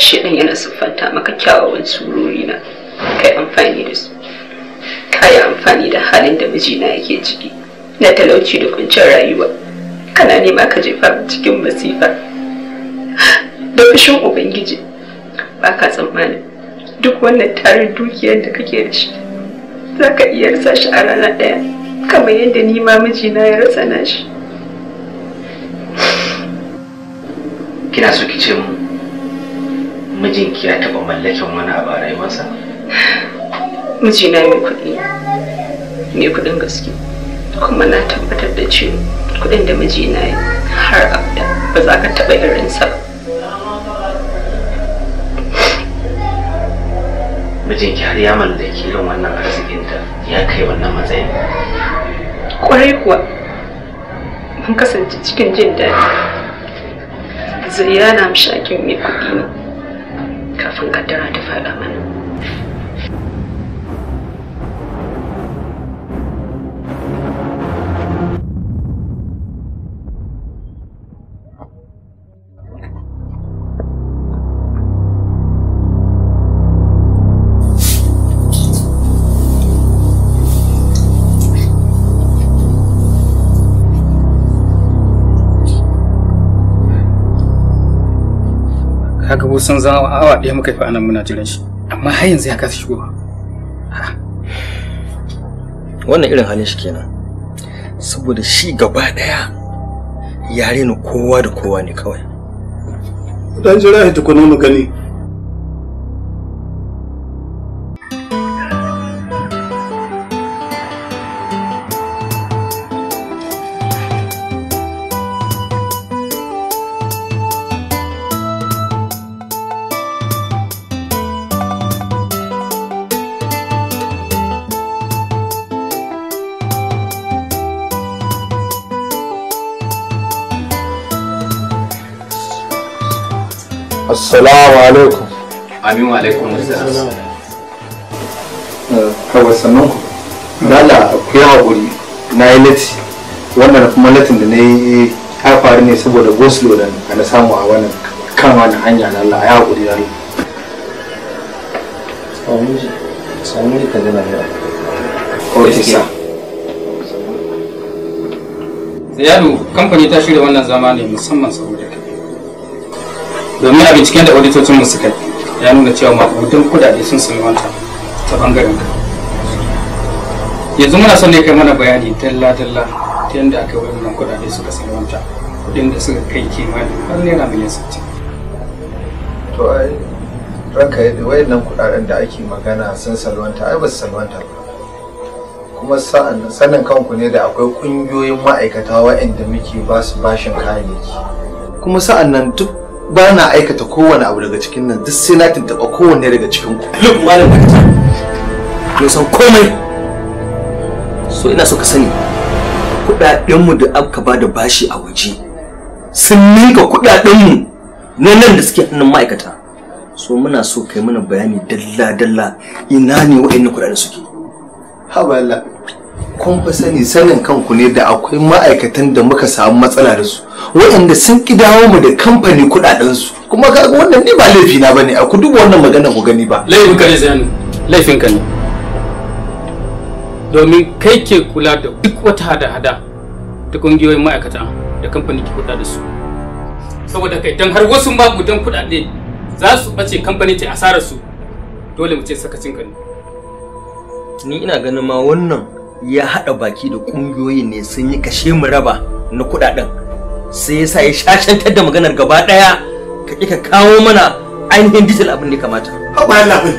shedan yana siffanta maka kyawawan surori na kai amfani da su yi amfani da halin da mijina yake ciki na talauci da kuncin rayuwa kana nema ka jefa cikin masifa da fushin ubangiji ba ka tsammani. duk wannan tarin dukiyar da kake da shi za ka iya rasa shi a rana ɗaya kamar yadda ni mijina ya rasa na kina so ki ce mu mijinki ya taɓa mallakin wani abu a rayuwarsa? mijina mai kuɗi mai kuɗin gaske kuma na tabbatar da cewa kuɗin da mijina ya har abda ba za ka taɓa irinsa ba mijinki har ya mallaki irin wannan arzikinta ya kai wannan matsayin kwarai kuwa mun kasance cikin jin daɗi zuriya na mashakin mai kuɗi ne von kaddara ta faɗa ga kusan zama awa ɗaya muka fi anan muna jiran shi amma har yanzu ya kasa shigo. wannan irin halin shi kenan saboda shi gaba ɗaya yare ni kowa da kowa ne kawai dan jira ta tukuna mu gani assalamu alaikum amin wa alaikum assalam eh, kawai sannan ku dala ku yi haƙuri na yi lati wannan kuma latin da na yi ta faru ne saboda goslo da na samu a wannan kan wani hanya na Allah ya haƙuri da Samun ka zama ne. Kawai sa. kamfani ta shirya wannan zama ne musamman saboda kai. domin a binciken da auditocin mu suka ya nuna cewa makudan kudade sun sami wanta ta bangaren ka yanzu muna son ne kai mana bayani talla-talla ta yadda aka yi wannan kudade suka sami wanta kudin da suka kai kimanin har naira miliyan sittin. to ai ranka yadda wayannan kudaden da ake magana sun salwanta ai ba su salwanta ba kuma sanin kanku ne da akwai kungiyoyin ma'aikata waɗanda muke ba su bashin kayayyaki kuma sa'an nan duk ba na aikata kowane abu daga cikin nan duk sai na tuntuɓa kowanne daga cikin ku look malam da ka san komai so ina so ka sani kuɗaɗenmu da aka ba da bashi a waje sun ninka kuɗaɗenmu na nan da suke hannun ma'aikata so muna so kai mana bayani dalla dalla ina ne wa'annan kuɗaɗen suke Haba Allah. kun fi sani sanin kanku ne da akwai ma'aikatan da muka samu matsala da su waɗanda sun ki dawo mu da kamfani kuɗaɗensu kuma ga wannan ne ba laifi na bane a ku duba wannan magana ku gani ba laifin ka ne zani laifin ka ne domin kai ke kula da duk wata hada-hada ta kungiyoyin ma'aikata da kamfani ke kuɗa da su saboda kai dan har wasu dan kuɗaɗe za su ɓace kamfani ta asarar su dole mu ce sakacin ka ne ni ina ganin ma wannan ya haɗa baki da ƙungiyoyin ne sun yi kashe mu raba na kuɗaɗen sai ya sa ya shashantar da maganar gaba ɗaya ka ka kawo mana ainihin dijital abin da kamata. Haɓayen Labin,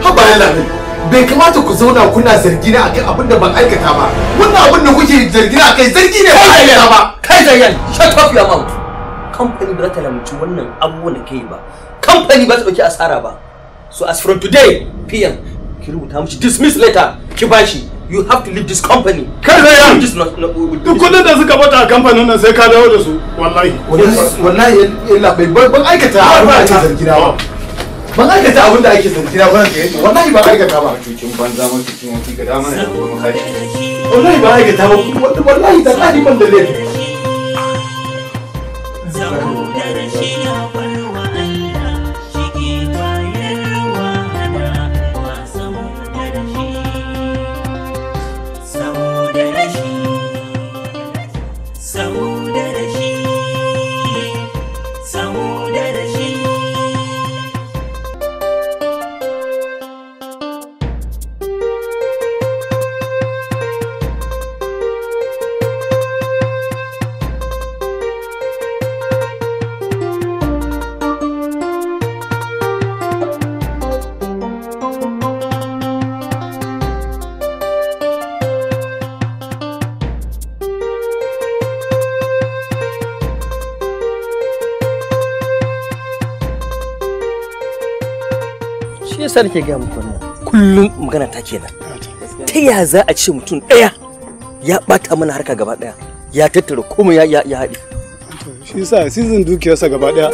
haɓayen Labin, bai kamata ku zauna kuna zargi na akan abin da ban aikata ba. Wannan abin da kuke zargi na akai zargi ne ba aikata ba. Kai Zayyan, shut up your mouth. Kamfani ba za ta lamci wannan abubuwan da ka yi ba. Kamfani ba ta ɗauki asara ba. So as from today, PM, ki rubuta mishi dismiss letter, ki bashi. you have to leave this company kar sai yan this not duk kudin da suka bata a kamfanin nan sai ka dawo da su wallahi wallahi yalla bai ban aikata abin da ake zargi na ba ban aikata abin da ake zargi na ba wallahi ba aikata ba cucin banza mun cucin wani ga dama ne wallahi ba aikata ba wallahi da tsari ban da laifi gaskiya nake ga muku wannan kullum magana ta ke nan ta ya za a ce mutum ɗaya ya ɓata mana harka gaba ɗaya ya tattara komai ya ya haɗi shi sa season dukiyarsa gaba ɗaya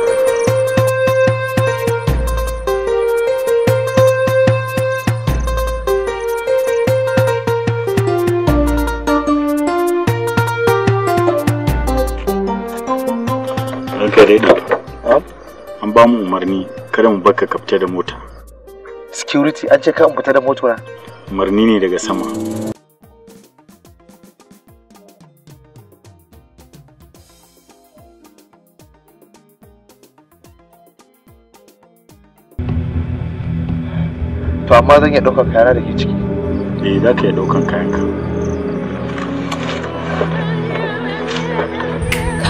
An ba mu umarni kada mu baka kafta da mota. security an ce kan fita da motora Marni ne daga sama to amma zan iya ɗaukar kayana da ke ciki eh za ka iya ɗaukar kayanka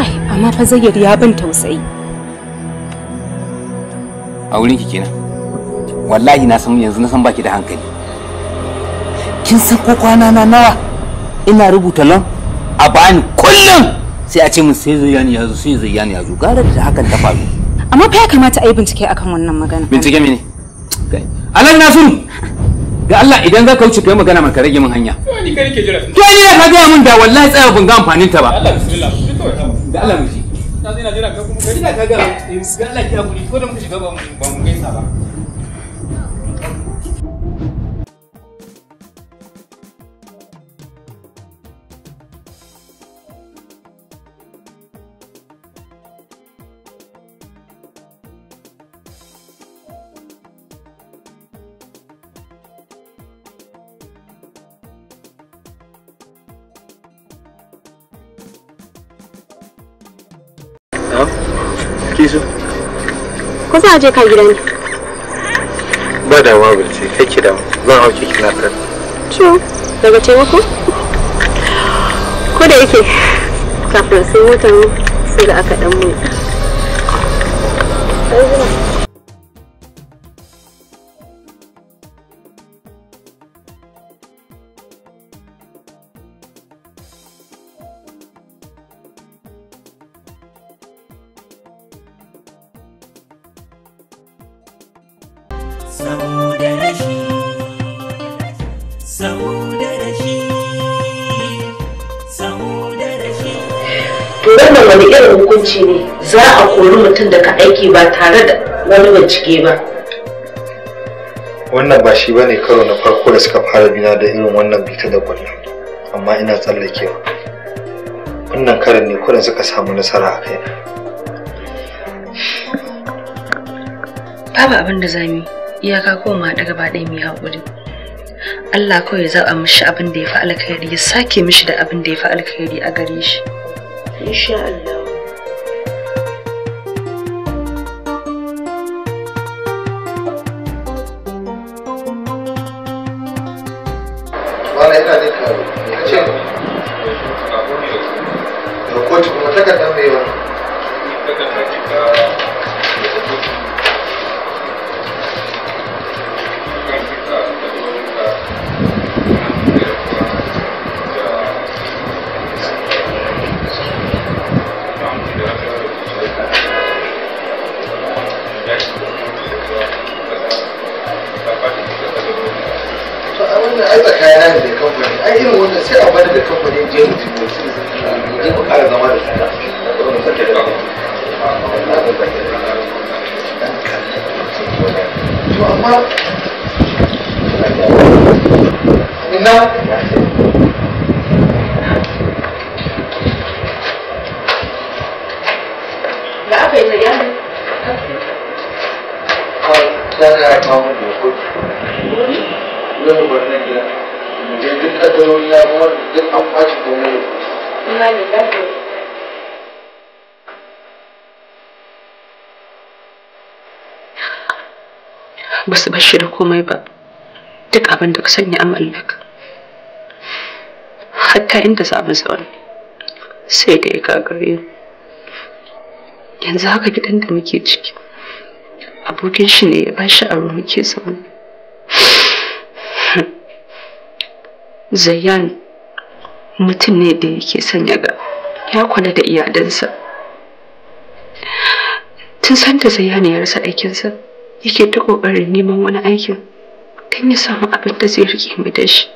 kai amma fa zayyar ya ban tausayi a wurin ki kenan wallahi na san yanzu na san baki da hankali kin san ko kwana na nawa ina rubuta lan a bani kullum sai a ce min sai zuyani yazo sai zuyani yazo zo gara da hakan ta faru amma fa ya kamata ai bincike akan wannan magana bincike mene alan nasiru ga Allah idan zaka wuce kai magana maka rage min hanya to ni kai ke jira to ni ka ga min da wallahi tsaya ban ga amfanin ta ba Allah bismillah ga Allah miji na zina jira ka kuma kai ka ga ga Allah ki hakuri ko da mu shiga ba mu ba mu gaisa ba ko za a je ka gidan ba da wa bulce kai ki da zan hauke ki na kan to daga taimako ko da yake kafin sai mutane sai da aka dan mu hukunci ne za a kori mutum daga aiki ba tare da wani bincike ba wannan ba shi bane karo na farko da suka fara bina da irin wannan bita da kullum amma ina tsallakewa wannan karin ne kurin suka samu nasara a kaina babu abin da zamu iyaka koma daga ba ɗaya mai haƙuri Allah kawai za zaɓa mishi abin da ya fi alkhairi ya sake mishi da abin da ya fi alkhairi a gare shi insha Allah Paleta de Câmbio. basu bar nan komai da ba su bashi da komai ba duk abin da ka sanya mallaka hatta inda za mu zaune sai da ya gagare yanzu haka gidan da muke ciki abokin shi ne ya ba shi aro muke samu zayyan mutum ne da yake son ya ga ya kula da iyadansa tun san da zayyan ya rasa aikinsa yake ta ƙoƙarin neman wani aikin don ya samu abin da zai rike mai da shi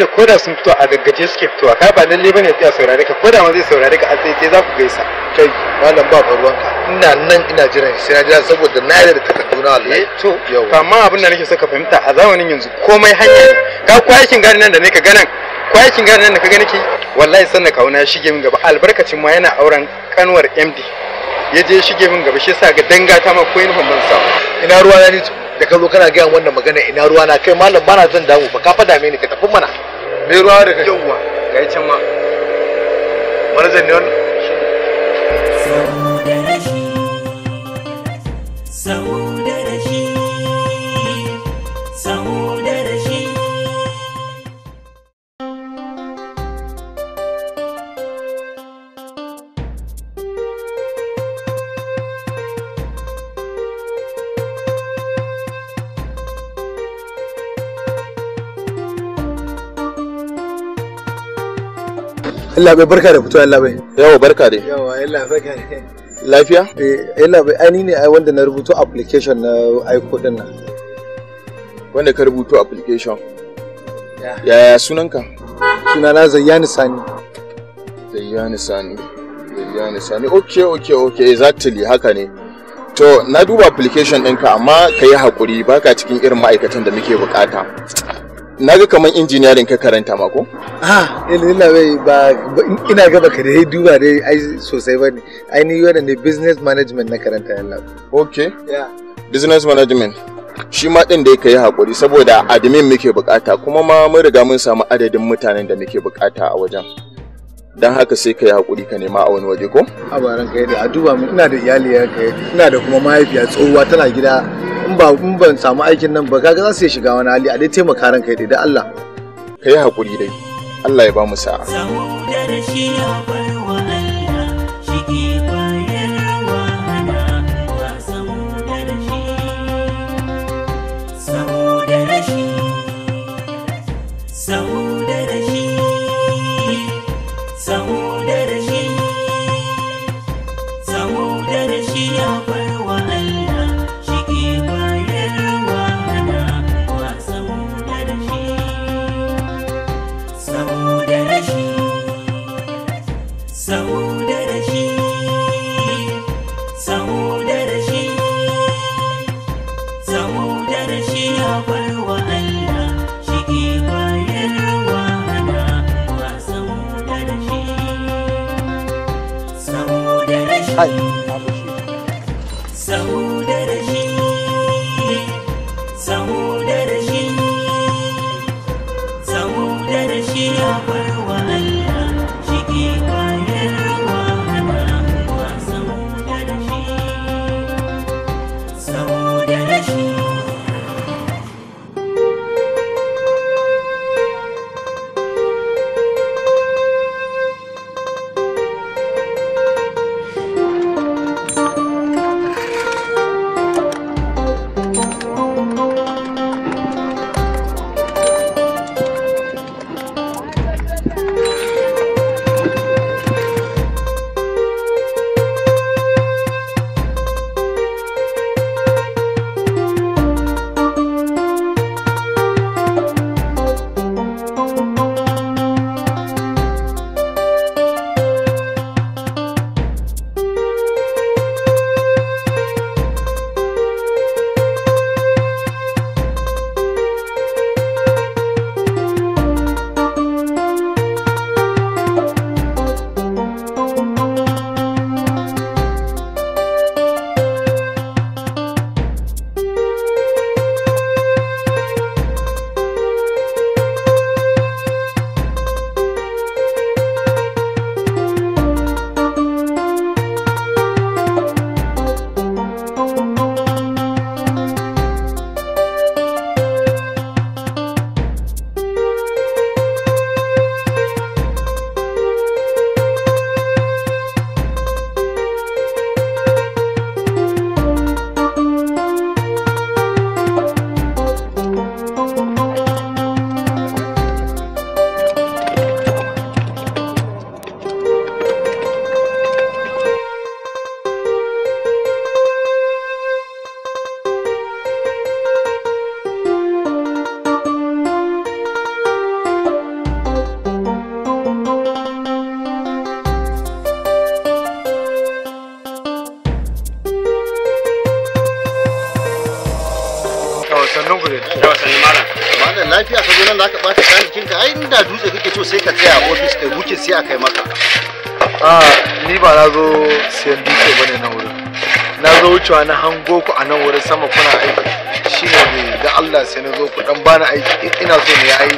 da koda sun fito a gaggaje suke fitowa kai ba lalle bane ya saurare ka koda ma zai saurare ka a tsaye za ku gaisa kai malam ba ruwanka ina nan ina jiran sai na jira saboda na yarda takarduna wallahi eh, to amma abin da nake so ka fahimta a zamanin yanzu komai hanya ne ka ko aikin gani nan da ne ka ganan ko gani nan da ka ga nake wallahi sannan kauna ya shige min gaba albarkacin ma yana auren kanwar MD ya je shige min gaba shi yasa ga danga ta ma ko yin ban sa ina ruwa ya ni to da ka zo kana gaya wannan magana ina ruwa na kai malam bana zan damu ba ka fada mini ka tafi mana me ruwa da ka yawwa ga can ma marzan ne wannan Allah bai barka da fitowa Allah bai. Yawa barka dai. Yawa Allah barka dai. Lafiya? Eh Allah bai ani ne ai wanda na rubuto application na aiko din nan. Wanda ka rubuto application? Yaya sunanka? Sunana Zayyani Sani. Zayyani Sani. Zayyani Sani. Okay okay okay exactly haka ne. To na duba application ɗinka amma ka yi haƙuri baka cikin irin ma'aikatan da muke buƙata. na ga kamar injiniyarin ka karanta ma ko? Ah, bai ba ina gaba ka dai duba dai ai sosai ba ne. Ai ni wannan ne business management na karanta yalla. Okay. Yeah. Business management. Shi ma din da yake yi hakuri saboda admin muke bukata kuma ma mun riga mun samu adadin mutanen da muke bukata a wajen. don haka sai ka yi haƙuri ka nema a wani waje ko? a baran ka yadda a duba min ina da iyali ya ka yadda ina da kuma mahaifiya tsohuwa tana gida in ba ban samu aikin nan ba kaga za su iya shiga wani hali a dai taimaka ran ka yadda da Allah ka yi haƙuri dai Allah ya ba mu sa'a. kai so sai ka tsaya a ofis kai bukin sai a kai maka a ni ba na zo siyan dutse bane na wurin na zo wucewa na hango ku a nan wurin sama kuna aiki shi ne da Allah sai na zo ku dan bani aiki ina so ne ya yi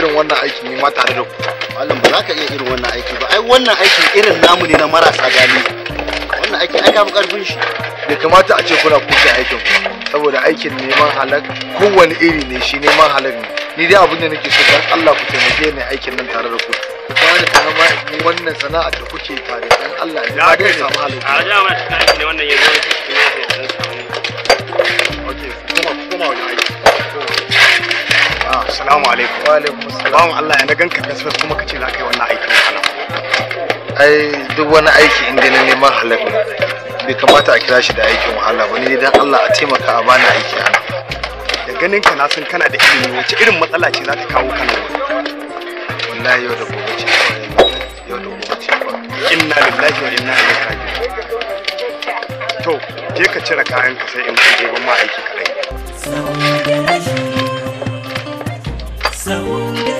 irin wannan aiki ne ma tare da ku malam ba za ka iya irin wannan aiki ba ai wannan aiki irin namu ne na marasa gani wannan aiki ai ka fi karfin shi bai kamata a ce kuna kuce aikin ku saboda aikin neman halak kowane iri ne shi neman halak ne ni dai abin da nake so dan Allah ku taimake ni aikin nan tare da ku ba da kuma ni wannan sana'a da kuke tare dan Allah ya ga samu halak a da ma shi aiki ne wannan yanzu ne ne samu kuma kuma wani aiki ah, assalamu alaikum wa alaikum assalam Allah ya naganka ganka kuma kace za ka yi wannan aikin ai duk wani aiki inda na neman halaka. bai kamata a kira shi da aikin wahala ba ne dan Allah a taimaka a bani aiki ana da ganin ka na san kana da ilimi wace irin matsala ce za ta kawo kana wani wallahi yau da gobe ce yau da gobe ce inna lillahi wa inna ilaihi raji'un to je ka cire kayan ka sai in je ban ma aiki kadai sau da rashi sau da